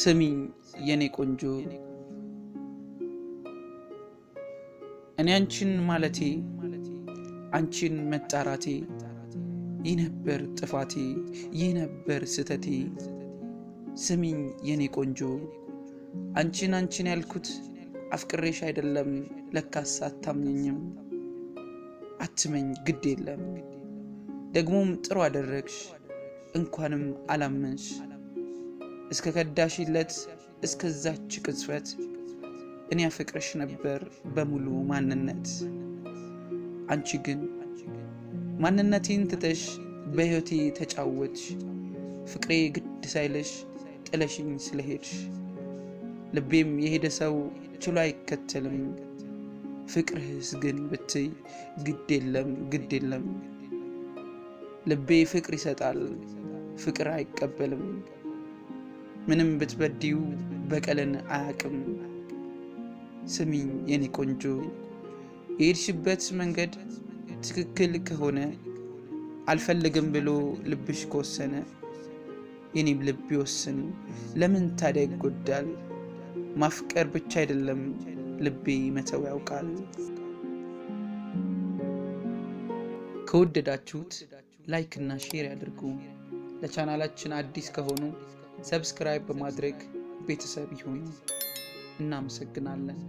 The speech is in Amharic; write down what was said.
ስሚኝ የኔ ቆንጆ እኔ አንቺን ማለቴ አንቺን መጣራቴ ይህ ነበር ጥፋቴ፣ ይህ ነበር ስህተቴ። ስሚኝ የኔ ቆንጆ አንቺን አንቺን ያልኩት አፍቅሬሽ አይደለም ለካስ አታምኝኝም አትመኝ ግድ የለም ደግሞም ጥሩ አደረግሽ እንኳንም አላመንሽ እስከ ከዳሽለት እስከዛች ቅጽበት እኔ ያፈቅረሽ ነበር በሙሉ ማንነት። አንቺ ግን ማንነቴን ትተሽ በሕይወቴ ተጫወትሽ። ፍቅሬ ግድ ሳይለሽ ጥለሽኝ ስለሄድሽ ልቤም የሄደ ሰው ችሎ አይከተልም። ፍቅርህስ ግን ብትይ ግድ የለም ግድ የለም። ልቤ ፍቅር ይሰጣል፣ ፍቅር አይቀበልም። ምንም ብትበድዩ በቀለን አያቅም ስሚኝ የኔ ቆንጆ፣ የሄድሽበት መንገድ ትክክል ከሆነ አልፈልግም ብሎ ልብሽ ከወሰነ የኔም ልብ ይወስን፣ ለምን ታዲያ ይጎዳል? ማፍቀር ብቻ አይደለም ልቤ መተው ያውቃል። ከወደዳችሁት ላይክ እና ሼር ያድርጉ። ለቻናላችን አዲስ ከሆኑ ሰብስክራይብ በማድረግ ቤተሰብ ይሁኑ። እናመሰግናለን።